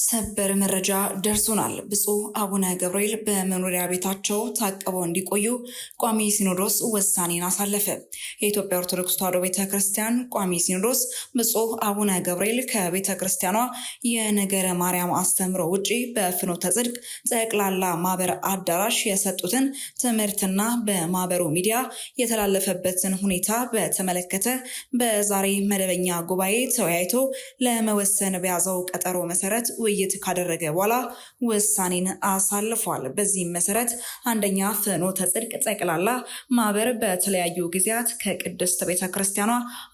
ሰበር መረጃ ደርሶናል። ብፁዕ አቡነ ገብርኤል በመኖሪያ ቤታቸው ታቅበው እንዲቆዩ ቋሚ ሲኖዶስ ውሳኔን አሳለፈ። የኢትዮጵያ ኦርቶዶክስ ተዋሕዶ ቤተ ክርስቲያን ቋሚ ሲኖዶስ ብፁዕ አቡነ ገብርኤል ከቤተ ክርስቲያኗ የነገረ ማርያም አስተምሮ ውጪ በፍኖተ ጽድቅ ጠቅላላ ማህበር አዳራሽ የሰጡትን ትምህርትና በማህበሩ ሚዲያ የተላለፈበትን ሁኔታ በተመለከተ በዛሬ መደበኛ ጉባኤ ተወያይቶ ለመወሰን በያዘው ቀጠሮ መሰረት ውይይት ካደረገ በኋላ ውሳኔን አሳልፏል። በዚህም መሰረት አንደኛ ፍኖተ ጽድቅ ጠቅላላ ማህበር በተለያዩ ጊዜያት ከቅድስት ቤተ ክርስቲያኗ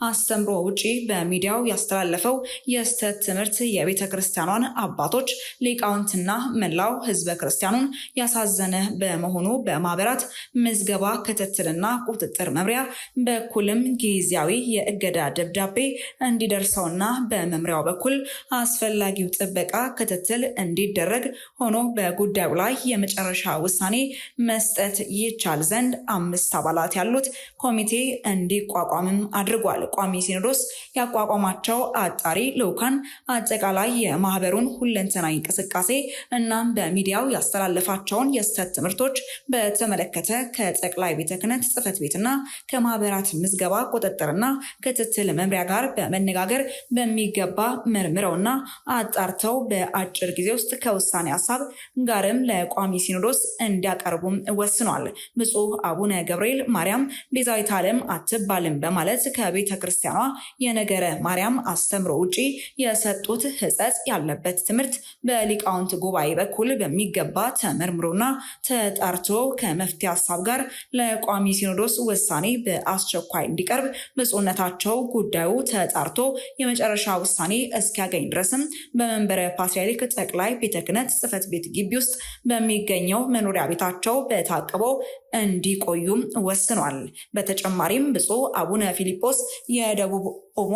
አስተምሮ ውጪ በሚዲያው ያስተላለፈው የስህተት ትምህርት የቤተ ክርስቲያኗን አባቶች ሊቃውንትና መላው ህዝበ ክርስቲያኑን ያሳዘነ በመሆኑ በማህበራት ምዝገባ ክትትልና ቁጥጥር መምሪያ በኩልም ጊዜያዊ የእገዳ ደብዳቤ እንዲደርሰውና በመምሪያው በኩል አስፈላጊው ጥበቃ ክትትል እንዲደረግ ሆኖ በጉዳዩ ላይ የመጨረሻ ውሳኔ መስጠት ይቻል ዘንድ አምስት አባላት ያሉት ኮሚቴ እንዲቋቋምም አድርጓል። ቋሚ ሲኖዶስ ያቋቋማቸው አጣሪ ልዑካን አጠቃላይ የማህበሩን ሁለንተና እንቅስቃሴ እናም በሚዲያው ያስተላለፋቸውን የስህተት ትምህርቶች በተመለከተ ከጠቅላይ ቤተ ክህነት ጽሕፈት ቤትና ከማህበራት ምዝገባ ቁጥጥርና ክትትል መምሪያ ጋር በመነጋገር በሚገባ መርምረውና አጣርተው በአጭር ጊዜ ውስጥ ከውሳኔ ሀሳብ ጋርም ለቋሚ ሲኖዶስ እንዲያቀርቡም ወስኗል። ብፁዕ አቡነ ገብርኤል ማርያም ቤዛዊት ዓለም አትባልም በማለት ከቤተ ክርስቲያኗ የነገረ ማርያም አስተምሮ ውጪ የሰጡት ሕጸጽ ያለበት ትምህርት በሊቃውንት ጉባኤ በኩል በሚገባ ተመርምሮና ተጣርቶ ከመፍትሄ ሀሳብ ጋር ለቋሚ ሲኖዶስ ውሳኔ በአስቸኳይ እንዲቀርብ ብፁዕነታቸው ጉዳዩ ተጣርቶ የመጨረሻ ውሳኔ እስኪያገኝ ድረስም በመንበረ በፓትርያርክ ጠቅላይ ቤተ ክህነት ጽሕፈት ቤት ግቢ ውስጥ በሚገኘው መኖሪያ ቤታቸው በታቅበው እንዲቆዩም ወስኗል። በተጨማሪም ብፁዕ አቡነ ፊሊጶስ የደቡብ ኦሞ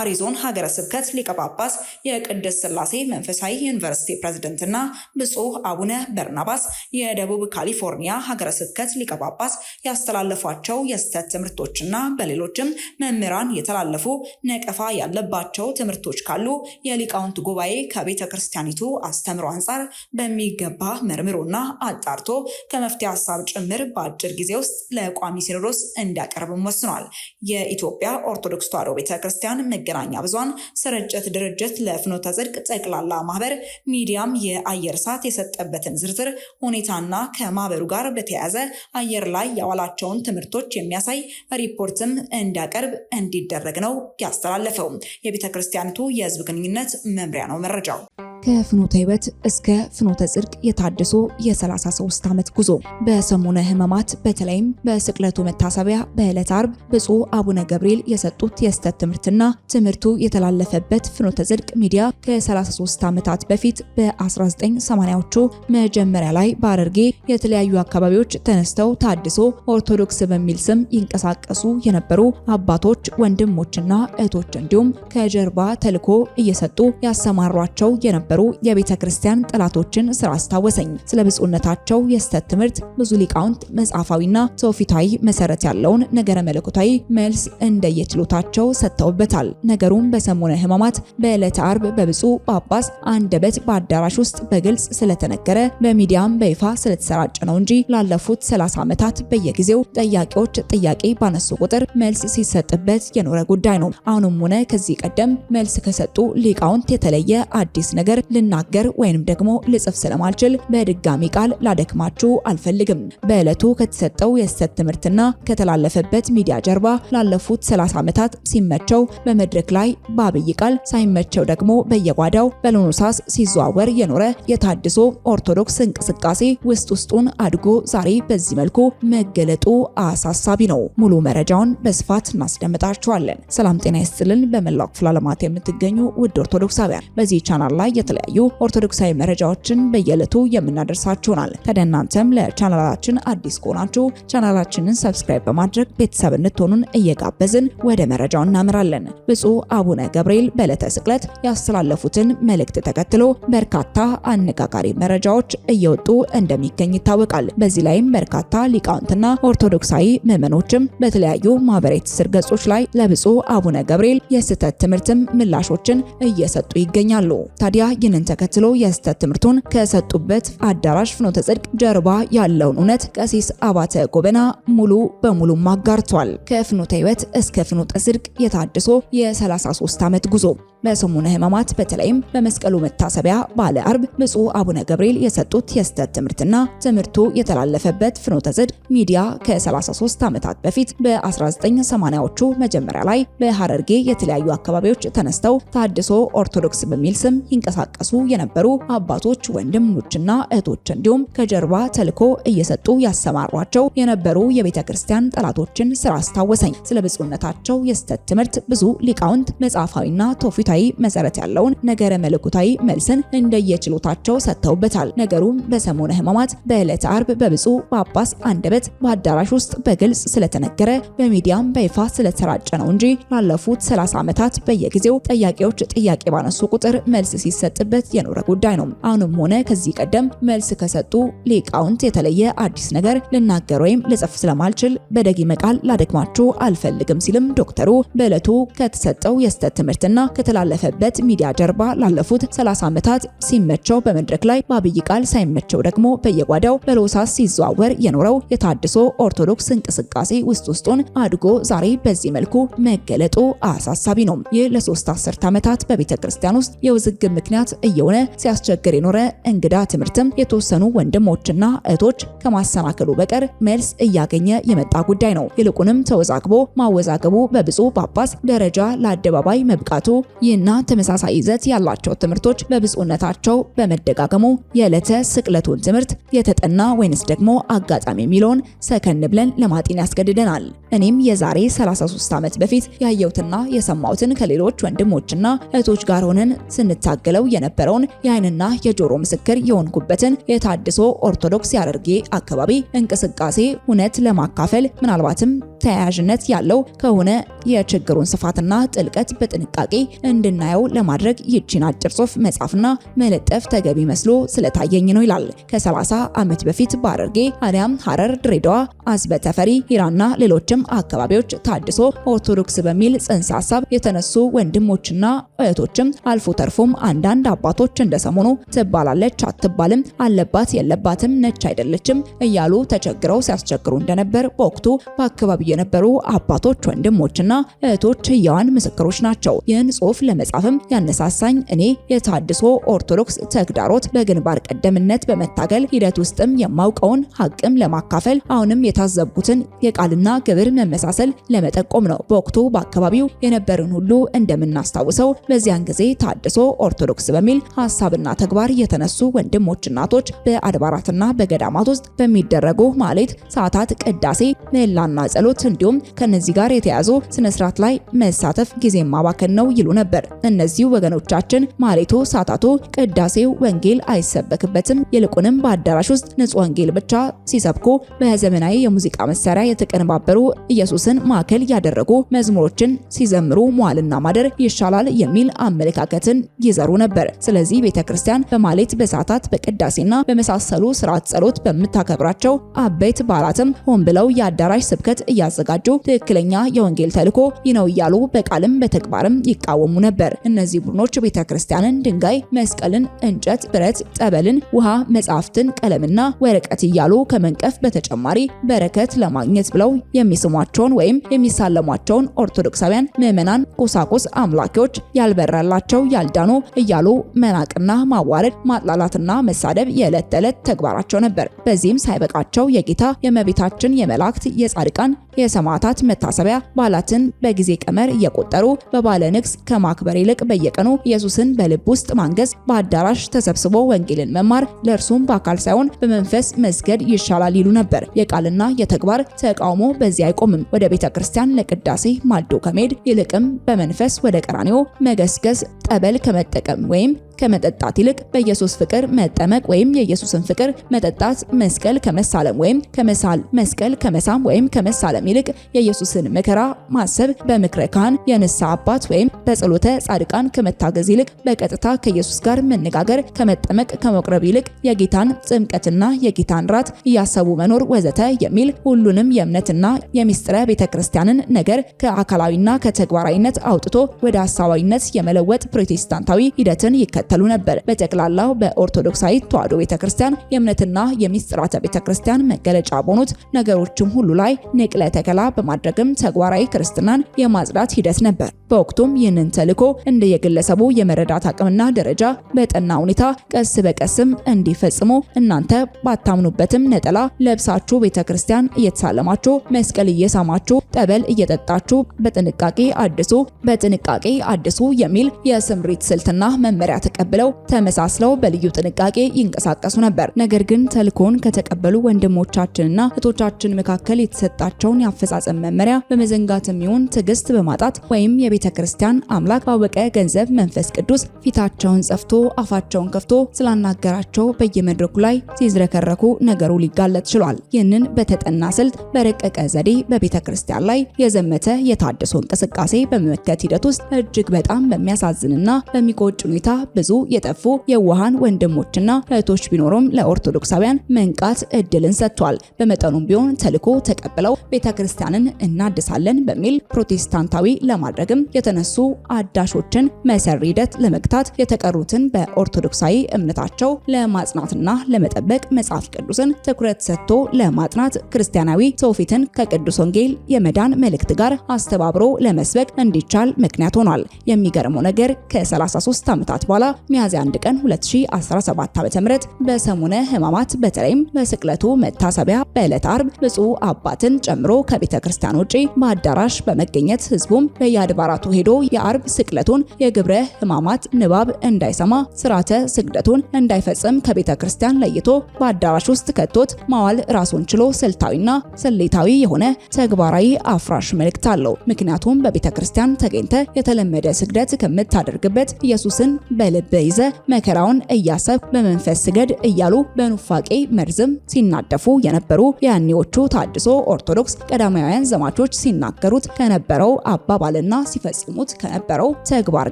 አሪዞን ሀገረ ስብከት ሊቀ ጳጳስ የቅድስት ስላሴ መንፈሳዊ ዩኒቨርሲቲ ፕሬዝደንትና ብፁዕ አቡነ በርናባስ የደቡብ ካሊፎርኒያ ሀገረ ስብከት ሊቀ ጳጳስ ያስተላለፏቸው የስህተት ትምህርቶችና በሌሎችም መምህራን የተላለፉ ነቀፋ ያለባቸው ትምህርቶች ካሉ የሊቃውንት ጉባኤ ከቤተ ክርስቲያኒቱ አስተምሮ አንጻር በሚገባ መርምሮና አጣርቶ ከመፍትሄ ሀሳብ ጭምር በአጭር ጊዜ ውስጥ ለቋሚ ሲኖዶስ እንዲያቀርብም ወስኗል። የኢትዮጵያ ኦርቶዶክስ ተዋሕዶ ቤተ ክርስቲያን የመገናኛ ብዙሃን ስርጭት ድርጅት ለፍኖተ ጽድቅ ጠቅላላ ማህበር ሚዲያም የአየር ሰዓት የሰጠበትን ዝርዝር ሁኔታና ከማህበሩ ጋር በተያያዘ አየር ላይ ያዋላቸውን ትምህርቶች የሚያሳይ ሪፖርትም እንዲያቀርብ እንዲደረግ ነው ያስተላለፈው። የቤተ ክርስቲያኒቱ የህዝብ ግንኙነት መምሪያ ነው መረጃው። ከፍኖተ ህይወት እስከ ፍኖተ ጽድቅ የታደሶ የ33 ዓመት ጉዞ በሰሙነ ህመማት በተለይም በስቅለቱ መታሰቢያ በዕለት አርብ ብፁዕ አቡነ ገብርኤል የሰጡት የስተት ትምህርትና ትምህርቱ የተላለፈበት ፍኖተ ጽድቅ ሚዲያ ከ33 ዓመታት በፊት በ1980ዎቹ መጀመሪያ ላይ በአረርጌ የተለያዩ አካባቢዎች ተነስተው ታድሶ ኦርቶዶክስ በሚል ስም ይንቀሳቀሱ የነበሩ አባቶች ወንድሞችና እህቶች እንዲሁም ከጀርባ ተልዕኮ እየሰጡ ያሰማሯቸው የነበሩ የነበሩ የቤተ ክርስቲያን ጠላቶችን ስራ አስታወሰኝ። ስለ ብፁዕነታቸው የስተት ትምህርት ብዙ ሊቃውንት መጽሐፋዊና ትውፊታዊ መሰረት ያለውን ነገረ መለኮታዊ መልስ እንደየችሎታቸው ሰጥተውበታል። ነገሩም በሰሞነ ህማማት በዕለተ አርብ በብፁዕ ጳጳስ አንደበት በአዳራሽ ውስጥ በግልጽ ስለተነገረ በሚዲያም በይፋ ስለተሰራጨ ነው እንጂ ላለፉት 30 ዓመታት በየጊዜው ጠያቂዎች ጥያቄ ባነሱ ቁጥር መልስ ሲሰጥበት የኖረ ጉዳይ ነው። አሁንም ሆነ ከዚህ ቀደም መልስ ከሰጡ ሊቃውንት የተለየ አዲስ ነገር ልናገር ወይንም ደግሞ ልጽፍ ስለማልችል በድጋሚ ቃል ላደክማችሁ አልፈልግም። በዕለቱ ከተሰጠው የሐሰት ትምህርትና ከተላለፈበት ሚዲያ ጀርባ ላለፉት 30 ዓመታት ሲመቸው በመድረክ ላይ በአብይ ቃል ሳይመቸው ደግሞ በየጓዳው በሎኖሳስ ሲዘዋወር የኖረ የታድሶ ኦርቶዶክስ እንቅስቃሴ ውስጥ ውስጡን አድጎ ዛሬ በዚህ መልኩ መገለጡ አሳሳቢ ነው። ሙሉ መረጃውን በስፋት እናስደምጣችኋለን። ሰላም ጤና ይስጥልን። በመላው ክፍለ ዓለማት የምትገኙ ውድ ኦርቶዶክሳውያን በዚህ ቻናል ላይ የተለያዩ ኦርቶዶክሳዊ መረጃዎችን በየዕለቱ የምናደርሳችሁናል። ይሆናል። ታዲያ እናንተም ለቻናላችን አዲስ ከሆናችሁ ቻናላችንን ሰብስክራይብ በማድረግ ቤተሰብ እንድትሆኑን እየጋበዝን ወደ መረጃው እናምራለን። ብፁዕ አቡነ ገብርኤል በዕለተ ስቅለት ያስተላለፉትን መልእክት ተከትሎ በርካታ አነጋጋሪ መረጃዎች እየወጡ እንደሚገኝ ይታወቃል። በዚህ ላይም በርካታ ሊቃውንትና ኦርቶዶክሳዊ ምዕመኖችም በተለያዩ ማህበራዊ ትስስር ገጾች ላይ ለብፁዕ አቡነ ገብርኤል የስህተት ትምህርትም ምላሾችን እየሰጡ ይገኛሉ። ታዲያ ይህንን ተከትሎ የስህተት ትምህርቱን ከሰጡበት አዳራሽ ፍኖተ ጽድቅ ጀርባ ያለውን እውነት ቀሲስ አባተ ጎበና ሙሉ በሙሉ አጋርቷል። ከፍኖተ ህይወት እስከ ፍኖተ ጽድቅ የታድሶ የ33 ዓመት ጉዞ በሰሙነ ሕማማት በተለይም በመስቀሉ መታሰቢያ ባለ አርብ ብፁዕ አቡነ ገብርኤል የሰጡት የስህተት ትምህርትና ትምህርቱ የተላለፈበት ፍኖተ ጽድቅ ሚዲያ ከ33 ዓመታት በፊት በ1980ዎቹ መጀመሪያ ላይ በሐረርጌ የተለያዩ አካባቢዎች ተነስተው ታድሶ ኦርቶዶክስ በሚል ስም ይንቀሳቀሱ የነበሩ አባቶች፣ ወንድሞችና እህቶች እንዲሁም ከጀርባ ተልኮ እየሰጡ ያሰማሯቸው የነበሩ የቤተ ክርስቲያን ጠላቶችን ስራ አስታወሰኝ። ስለ ብፁዕነታቸው የስህተት ትምህርት ብዙ ሊቃውንት መጽሐፋዊና ትውፊታዊ መለኮታዊ መሰረት ያለውን ነገረ መለኮታዊ መልስን እንደየችሎታቸው ሰጥተውበታል። ነገሩም በሰሞነ ሕማማት በዕለተ አርብ በብፁዕ ጳጳስ አንደበት በአዳራሽ ውስጥ በግልጽ ስለተነገረ በሚዲያም በይፋ ስለተሰራጨ ነው እንጂ ላለፉት 30 ዓመታት በየጊዜው ጠያቂዎች ጥያቄ ባነሱ ቁጥር መልስ ሲሰጥበት የኖረ ጉዳይ ነው። አሁንም ሆነ ከዚህ ቀደም መልስ ከሰጡ ሊቃውንት የተለየ አዲስ ነገር ልናገር ወይም ልጽፍ ስለማልችል በደጊመ ቃል ላደግማችሁ አልፈልግም ሲልም ዶክተሩ በዕለቱ ከተሰጠው የስተት ትምህርትና ከተላለፈበት ሚዲያ ጀርባ ላለፉት 30 ዓመታት ሲመቸው በመድረክ ላይ በአብይ ቃል ሳይመቸው ደግሞ በየጓዳው በሎሳስ ሲዘዋወር የኖረው የታድሶ ኦርቶዶክስ እንቅስቃሴ ውስጥ ውስጡን አድጎ ዛሬ በዚህ መልኩ መገለጡ አሳሳቢ ነው። ይህ ለሶስት አስርት ዓመታት በቤተ ክርስቲያን ውስጥ የውዝግብ ምክንያት እየሆነ ሲያስቸግር የኖረ እንግዳ ትምህርትም የተወሰኑ ወንድሞችና እህቶች ከማሰናከሉ በቀር መልስ እያገኘ የመጣ ጉዳይ ነው። ይልቁንም ተወዛግቦ ማወዛገቡ በብፁዕ ጳጳስ ደረጃ ለአደባባይ መብቃቱ ይህና ተመሳሳይ ይዘት ያላቸው ትምህርቶች በብፁዕነታቸው በመደጋገሙ የዕለተ ስቅለቱን ትምህርት የተጠና ወይንስ ደግሞ አጋጣሚ የሚለውን ሰከን ብለን ለማጤን ያስገድደናል። እኔም የዛሬ 33 ዓመት በፊት ያየሁትና የሰማሁትን ከሌሎች ወንድሞችና እህቶች ጋር ሆነን ስንታገለው የነበረውን የአይንና የጆሮ ምስክር የሆንኩበትን የታድሶ ኦርቶዶክስ ያደርጌ አካባቢ እንቅስቃሴ እውነት ለማካፈል ምናልባትም ተያያዥነት ያለው ከሆነ የችግሩን ስፋትና ጥልቀት በጥንቃቄ እንድናየው ለማድረግ ይህችን አጭር ጽሁፍ መጻፍና መለጠፍ ተገቢ መስሎ ስለታየኝ ነው ይላል። ከ30 ዓመት በፊት በሐረርጌ አሊያም ሐረር፣ ድሬዳዋ፣ አዝበ ተፈሪ፣ ሂራና ሌሎችም አካባቢዎች ታድሶ ኦርቶዶክስ በሚል ጽንሰ ሀሳብ የተነሱ ወንድሞችና እህቶችም አልፎ ተርፎም አንዳንድ አባቶች እንደሰሞኑ ትባላለች፣ አትባልም፣ አለባት፣ የለባትም፣ ነች፣ አይደለችም እያሉ ተቸግረው ሲያስቸግሩ እንደነበር በወቅቱ በአካባቢው የነበሩ አባቶች ወንድሞችና እህቶች ህያዋን ምስክሮች ናቸው። ይህን ጽሁፍ ለመጻፍም ያነሳሳኝ እኔ የታድሶ ኦርቶዶክስ ተግዳሮት በግንባር ቀደምነት በመታገል ሂደት ውስጥም የማውቀውን ሀቅም ለማካፈል አሁንም የታዘብኩትን የቃልና ግብር መመሳሰል ለመጠቆም ነው። በወቅቱ በአካባቢው የነበርን ሁሉ እንደምናስታውሰው በዚያን ጊዜ ታድሶ ኦርቶዶክስ በሚል ሀሳብና ተግባር የተነሱ ወንድሞች፣ እናቶች በአድባራትና በገዳማት ውስጥ በሚደረጉ ማሌት፣ ሰዓታት፣ ቅዳሴ፣ ምህላና ጸሎት እንዲሁም ከነዚህ ጋር የተያዙ ስነስርዓት ላይ መሳተፍ ጊዜ ማባከን ነው ይሉ ነበር። ነበር። እነዚህ ወገኖቻችን ማሬቶ ሳታቶ ቅዳሴው ወንጌል አይሰበክበትም፣ ይልቁንም በአዳራሽ ውስጥ ንጹህ ወንጌል ብቻ ሲሰብኩ በዘመናዊ የሙዚቃ መሳሪያ የተቀነባበሩ ኢየሱስን ማዕከል ያደረጉ መዝሙሮችን ሲዘምሩ መዋልና ማደር ይሻላል የሚል አመለካከትን ይዘሩ ነበር። ስለዚህ ቤተክርስቲያን በማሌት በሳታት በቅዳሴና በመሳሰሉ ስርዓት ጸሎት በምታከብራቸው አበይት በዓላትም ሆን ብለው የአዳራሽ ስብከት እያዘጋጁ ትክክለኛ የወንጌል ተልኮ ይነው እያሉ በቃልም በተግባርም ይቃወሙ ነበር። እነዚህ ቡድኖች ቤተ ክርስቲያንን፣ ድንጋይ፣ መስቀልን፣ እንጨት፣ ብረት፣ ጠበልን፣ ውሃ፣ መጽሐፍትን፣ ቀለምና ወረቀት እያሉ ከመንቀፍ በተጨማሪ በረከት ለማግኘት ብለው የሚስሟቸውን ወይም የሚሳለሟቸውን ኦርቶዶክሳውያን ምዕመናን፣ ቁሳቁስ አምላኪዎች፣ ያልበራላቸው ያልዳኑ እያሉ መናቅና ማዋረድ፣ ማጥላላትና መሳደብ የዕለት ተዕለት ተግባራቸው ነበር። በዚህም ሳይበቃቸው የጌታ የመቤታችን የመላእክት፣ የጻድቃን፣ የሰማዕታት መታሰቢያ በዓላትን በጊዜ ቀመር እየቆጠሩ በባለ ንግስ ከማ ከማክበር ይልቅ በየቀኑ ኢየሱስን በልብ ውስጥ ማንገስ፣ በአዳራሽ ተሰብስቦ ወንጌልን መማር፣ ለእርሱም በአካል ሳይሆን በመንፈስ መስገድ ይሻላል ይሉ ነበር። የቃልና የተግባር ተቃውሞ በዚህ አይቆምም። ወደ ቤተ ክርስቲያን ለቅዳሴ ማልዶ ከመሄድ ይልቅም በመንፈስ ወደ ቀራኔው መገስገስ፣ ጠበል ከመጠቀም ወይም ከመጠጣት ይልቅ በኢየሱስ ፍቅር መጠመቅ ወይም የኢየሱስን ፍቅር መጠጣት መስቀል ከመሳለም ወይም ከመሳል መስቀል ከመሳም ወይም ከመሳለም ይልቅ የኢየሱስን መከራ ማሰብ በምክረ ካህን የንስሐ አባት ወይም በጸሎተ ጻድቃን ከመታገዝ ይልቅ በቀጥታ ከኢየሱስ ጋር መነጋገር ከመጠመቅ ከመቁረብ ይልቅ የጌታን ጥምቀትና የጌታን ራት እያሰቡ መኖር ወዘተ የሚል ሁሉንም የእምነትና የሚስጥረ ቤተክርስቲያንን ነገር ከአካላዊና ከተግባራዊነት አውጥቶ ወደ ሀሳባዊነት የመለወጥ ፕሮቴስታንታዊ ሂደትን ይከተላል። ይከተሉ ነበር። በጠቅላላው በኦርቶዶክሳዊ ተዋሕዶ ቤተክርስቲያን የእምነትና የሚስጥራተ ቤተክርስቲያን መገለጫ በሆኑት ነገሮችም ሁሉ ላይ ንቅለ ተከላ በማድረግም ተግባራዊ ክርስትናን የማጽዳት ሂደት ነበር። በወቅቱም ይህንን ተልዕኮ እንደየግለሰቡ የመረዳት አቅምና ደረጃ በጠና ሁኔታ ቀስ በቀስም እንዲፈጽሙ እናንተ ባታምኑበትም ነጠላ ለብሳችሁ ቤተክርስቲያን እየተሳለማችሁ መስቀል እየሳማችሁ ጠበል እየጠጣችሁ በጥንቃቄ አድሱ በጥንቃቄ አድሱ የሚል የስምሪት ስልትና መመሪያ ተቀብለው ተመሳስለው በልዩ ጥንቃቄ ይንቀሳቀሱ ነበር። ነገር ግን ተልኮን ከተቀበሉ ወንድሞቻችንና እህቶቻችን መካከል የተሰጣቸውን የአፈጻጸም መመሪያ በመዘንጋትም ይሁን ትዕግስት በማጣት ወይም የቤተ ክርስቲያን አምላክ ባወቀ ገንዘብ መንፈስ ቅዱስ ፊታቸውን ጸፍቶ አፋቸውን ከፍቶ ስላናገራቸው በየመድረኩ ላይ ሲዝረከረኩ ነገሩ ሊጋለጥ ችሏል። ይህንን በተጠና ስልት በረቀቀ ዘዴ በቤተ ክርስቲያን ላይ የዘመተ የታደሶ እንቅስቃሴ በመመከት ሂደት ውስጥ እጅግ በጣም በሚያሳዝንና በሚቆጭ ሁኔታ ብዙ ብዙ የጠፉ የውሃን ወንድሞችና እህቶች ቢኖሩም ለኦርቶዶክሳውያን መንቃት እድልን ሰጥቷል። በመጠኑም ቢሆን ተልዕኮ ተቀብለው ቤተክርስቲያንን እናድሳለን በሚል ፕሮቴስታንታዊ ለማድረግም የተነሱ አዳሾችን መሰሪ ሂደት ለመግታት የተቀሩትን በኦርቶዶክሳዊ እምነታቸው ለማጽናትና ለመጠበቅ መጽሐፍ ቅዱስን ትኩረት ሰጥቶ ለማጥናት ክርስቲያናዊ ትውፊትን ከቅዱስ ወንጌል የመዳን መልእክት ጋር አስተባብሮ ለመስበክ እንዲቻል ምክንያት ሆኗል። የሚገርመው ነገር ከ33 ዓመታት በኋላ ሚያዝያ 1 ቀን 2017 ዓ.ም በሰሙነ ህማማት በተለይም በስቅለቱ መታሰቢያ በዕለት አርብ ብፁዕ አባትን ጨምሮ ከቤተ ክርስቲያን ውጪ በአዳራሽ በመገኘት ህዝቡም በየአድባራቱ ሄዶ የአርብ ስቅለቱን የግብረ ህማማት ንባብ እንዳይሰማ፣ ስርዓተ ስግደቱን እንዳይፈጽም ከቤተ ክርስቲያን ለይቶ በአዳራሽ ውስጥ ከቶት ማዋል ራሱን ችሎ ስልታዊና ስሌታዊ የሆነ ተግባራዊ አፍራሽ መልእክት አለው። ምክንያቱም በቤተ ክርስቲያን ተገኝተ የተለመደ ስግደት ከምታደርግበት ኢየሱስን በልብ ልብ መከራውን እያሰብ በመንፈስ ስገድ እያሉ በኑፋቄ መርዝም ሲናደፉ የነበሩ የያኔዎቹ ታድሶ ኦርቶዶክስ ቀዳማውያን ዘማቾች ሲናገሩት ከነበረው አባባልና ሲፈጽሙት ከነበረው ተግባር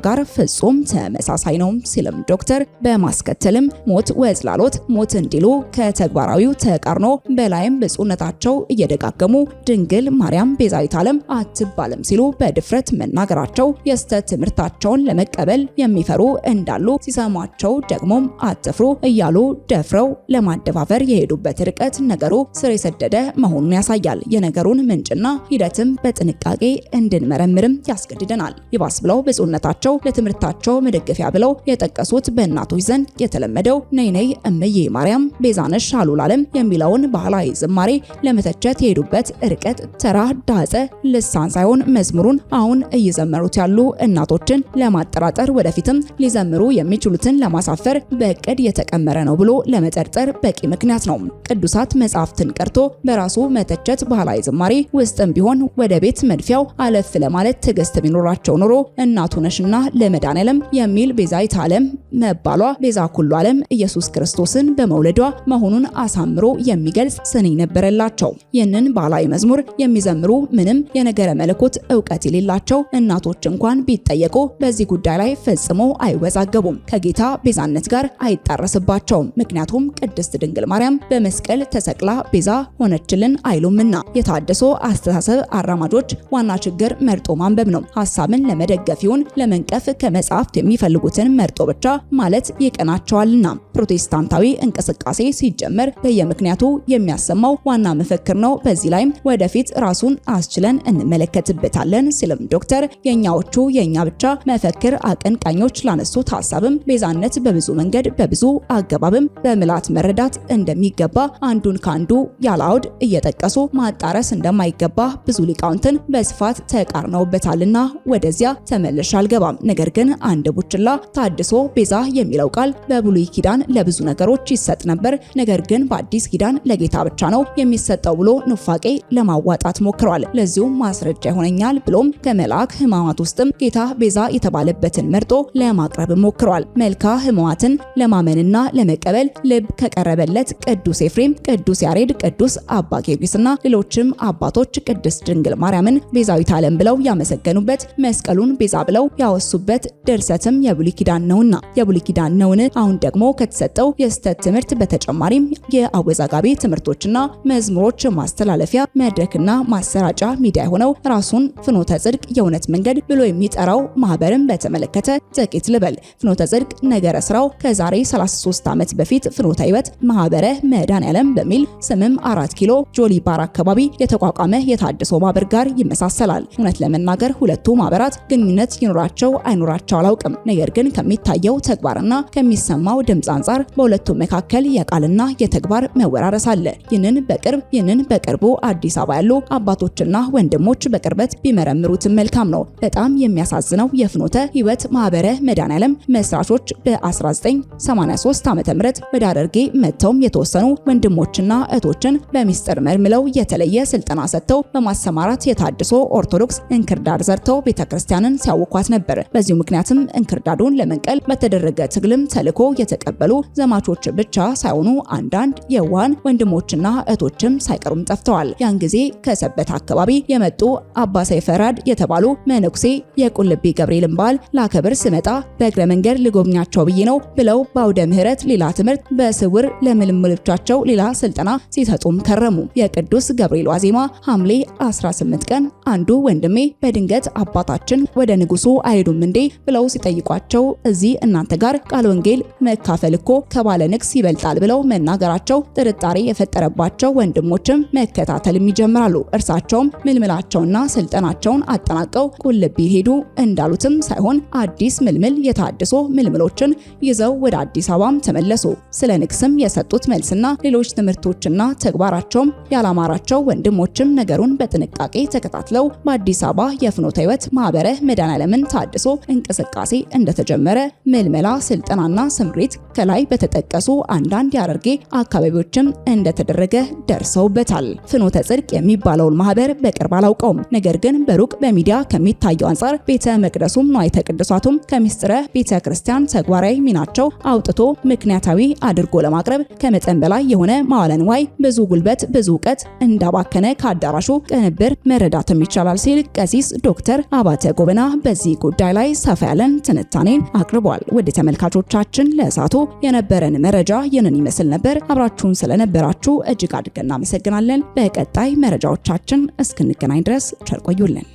ጋር ፍጹም ተመሳሳይ ነው ሲልም ዶክተር በማስከተልም ሞት ወጽላሎት ሞት እንዲሉ ከተግባራዊው ተቃርኖ በላይም ብፁዕነታቸው እየደጋገሙ ድንግል ማርያም ቤዛዊት ዓለም አትባልም ሲሉ በድፍረት መናገራቸው የስተ ትምህርታቸውን ለመቀበል የሚፈሩ እንዳሉ ይሆናሉ። ሲሰማቸው ደግሞም አትፍሩ እያሉ ደፍረው ለማደፋፈር የሄዱበት ርቀት ነገሩ ስር የሰደደ መሆኑን ያሳያል። የነገሩን ምንጭና ሂደትም በጥንቃቄ እንድንመረምርም ያስገድደናል። ይባስ ብለው ብፁዕነታቸው ለትምህርታቸው መደገፊያ ብለው የጠቀሱት በእናቶች ዘንድ የተለመደው ነይ ነይ እምዬ ማርያም ቤዛነሽ አሉላለም የሚለውን ባህላዊ ዝማሬ ለመተቸት የሄዱበት ርቀት ተራ ዳጸ ልሳን ሳይሆን መዝሙሩን አሁን እየዘመሩት ያሉ እናቶችን ለማጠራጠር ወደፊትም ሊዘምሩ የሚችሉትን ለማሳፈር በእቅድ የተቀመረ ነው ብሎ ለመጠርጠር በቂ ምክንያት ነው። ቅዱሳት መጻሕፍትን ቀርቶ በራሱ መተቸት ባህላዊ ዝማሬ ውስጥም ቢሆን ወደ ቤት መድፊያው አለፍ ለማለት ትዕግስት ቢኖራቸው ኖሮ እናቱ ነሽና ለመድኃኔዓለም የሚል ቤዛዊተ ዓለም መባሏ ቤዛ ኩሉ ዓለም ኢየሱስ ክርስቶስን በመውለዷ መሆኑን አሳምሮ የሚገልጽ ስንኝ ነበረላቸው። ይህንን ባህላዊ መዝሙር የሚዘምሩ ምንም የነገረ መለኮት እውቀት የሌላቸው እናቶች እንኳን ቢጠየቁ በዚህ ጉዳይ ላይ ፈጽሞ አይወዛገቡ። አይመገቡም፣ ከጌታ ቤዛነት ጋር አይጣረስባቸውም። ምክንያቱም ቅድስት ድንግል ማርያም በመስቀል ተሰቅላ ቤዛ ሆነችልን አይሉምና። የታደሶ አስተሳሰብ አራማጆች ዋና ችግር መርጦ ማንበብ ነው። ሀሳብን ለመደገፍ ይሁን ለመንቀፍ ከመጽሐፍት የሚፈልጉትን መርጦ ብቻ ማለት ይቀናቸዋልና። ፕሮቴስታንታዊ እንቅስቃሴ ሲጀመር በየምክንያቱ የሚያሰማው ዋና መፈክር ነው። በዚህ ላይም ወደፊት ራሱን አስችለን እንመለከትበታለን ሲልም ዶክተር የእኛዎቹ የእኛ ብቻ መፈክር አቀንቃኞች ላነሱት ሀሳብም ቤዛነት በብዙ መንገድ በብዙ አገባብም በምላት መረዳት እንደሚገባ አንዱን ከአንዱ ያለ አውድ እየጠቀሱ ማጣረስ እንደማይገባ ብዙ ሊቃውንትን በስፋት ተቃርነውበታልና ወደዚያ ተመልሼ አልገባም። ነገር ግን አንድ ቡችላ ታድሶ ቤዛ የሚለው ቃል በብሉይ ኪዳን ለብዙ ነገሮች ይሰጥ ነበር፣ ነገር ግን በአዲስ ኪዳን ለጌታ ብቻ ነው የሚሰጠው ብሎ ኑፋቄ ለማዋጣት ሞክሯል። ለዚሁም ማስረጃ ይሆነኛል ብሎም ከመልአክ ሕማማት ውስጥም ጌታ ቤዛ የተባለበትን መርጦ ለማቅረብ ሞክሯል። መልካ ህሙዋትን ለማመንና ለመቀበል ልብ ከቀረበለት ቅዱስ ኤፍሬም፣ ቅዱስ ያሬድ፣ ቅዱስ አባ ጊዮርጊስና ሌሎችም አባቶች ቅድስት ድንግል ማርያምን ቤዛዊት ዓለም ብለው ያመሰገኑበት መስቀሉን ቤዛ ብለው ያወሱበት ድርሰትም የብሉይ ኪዳን ነውና የብሉይ ኪዳን ነውን። አሁን ደግሞ ከተሰጠው የስተት ትምህርት በተጨማሪም የአወዛጋቢ ትምህርቶችና መዝሙሮች ማስተላለፊያ መድረክና ማሰራጫ ሚዲያ የሆነው ራሱን ፍኖተ ጽድቅ የእውነት መንገድ ብሎ የሚጠራው ማህበርን በተመለከተ ጥቂት ልበል። ፍኖተ ጽድቅ ነገረ ስራው ከዛሬ 33 ዓመት በፊት ፍኖተ ህይወት ማህበረ ያለም በሚል ስምም አራት ኪሎ ጆሊ ባር አካባቢ የተቋቋመ የታድሶ ማህበር ጋር ይመሳሰላል። እውነት ለመናገር ሁለቱ ማህበራት ግንኙነት ይኖራቸው አይኖራቸው አላውቅም። ነገር ግን ከሚታየው ተግባርና ከሚሰማው ድምፅ አንጻር በሁለቱ መካከል የቃልና የተግባር መወራረስ አለ። ይህንን በቅርብ ይህንን በቅርቡ አዲስ አበባ ያሉ አባቶችና ወንድሞች በቅርበት ቢመረምሩትም መልካም ነው። በጣም የሚያሳዝነው የፍኖተ ህይወት ማህበረ ያለም መስራቾች በ1983 ዓ.ም ወደ ሐረርጌ መጥተውም የተወሰኑ ወንድሞችና እህቶችን በሚስጥር መርምለው የተለየ ስልጠና ሰጥተው በማሰማራት የታድሶ ኦርቶዶክስ እንክርዳድ ዘርተው ቤተክርስቲያንን ሲያውኳት ነበር። በዚሁ ምክንያትም እንክርዳዱን ለመንቀል በተደረገ ትግልም ተልዕኮ የተቀበሉ ዘማቾች ብቻ ሳይሆኑ አንዳንድ የዋን ወንድሞችና እህቶችም ሳይቀሩም ጠፍተዋል። ያን ጊዜ ከሰበት አካባቢ የመጡ አባ ሰይፈራድ የተባሉ መነኩሴ የቁልቢ ገብርኤልን በዓል ላከብር ስመጣ በእግረ መንገድ መንገድ ልጎብኛቸው ብዬ ነው ብለው በአውደ ምህረት ሌላ ትምህርት በስውር ለምልምሎቻቸው ሌላ ስልጠና ሲሰጡም ከረሙ። የቅዱስ ገብርኤል ዋዜማ ሐምሌ 18 ቀን አንዱ ወንድሜ በድንገት አባታችን ወደ ንጉሱ አይሄዱም እንዴ ብለው ሲጠይቋቸው እዚህ እናንተ ጋር ቃል ወንጌል መካፈል እኮ ከባለ ንግስ ይበልጣል ብለው መናገራቸው ጥርጣሬ የፈጠረባቸው ወንድሞችም መከታተልም ይጀምራሉ። እርሳቸውም ምልምላቸውና ስልጠናቸውን አጠናቀው ቁልቢ ሄዱ። እንዳሉትም ሳይሆን አዲስ ምልምል የታደሱ ምልምሎችን ይዘው ወደ አዲስ አበባም ተመለሱ። ስለ ንግስም የሰጡት መልስና ሌሎች ትምህርቶችና ተግባራቸውም ያላማራቸው ወንድሞችም ነገሩን በጥንቃቄ ተከታትለው በአዲስ አበባ የፍኖተ ሕይወት ማህበረ መድኃኔዓለምን ታድሶ እንቅስቃሴ እንደተጀመረ ምልመላ፣ ስልጠናና ስምሪት ከላይ በተጠቀሱ አንዳንድ የሐረርጌ አካባቢዎችም እንደተደረገ ደርሰውበታል። ፍኖተ ጽድቅ የሚባለውን ማህበር በቅርብ አላውቀውም። ነገር ግን በሩቅ በሚዲያ ከሚታየው አንጻር ቤተ መቅደሱም ንዋየ ቅድሳቱም ከሚስጥረ ቤተ ክርስቲያን ተግባራዊ ሚናቸው አውጥቶ ምክንያታዊ አድርጎ ለማቅረብ ከመጠን በላይ የሆነ መዋለ ንዋይ ብዙ ጉልበት፣ ብዙ እውቀት እንዳባከነ ከአዳራሹ ቅንብር መረዳትም ይቻላል ሲል ቀሲስ ዶክተር አባተ ጎበና በዚህ ጉዳይ ላይ ሰፋ ያለን ትንታኔን አቅርቧል። ወደ ተመልካቾቻችን ለእሳቱ የነበረን መረጃ ይህንን ይመስል ነበር። አብራችሁን ስለነበራችሁ እጅግ አድርገን እናመሰግናለን። በቀጣይ መረጃዎቻችን እስክንገናኝ ድረስ ቸር ቆዩልን።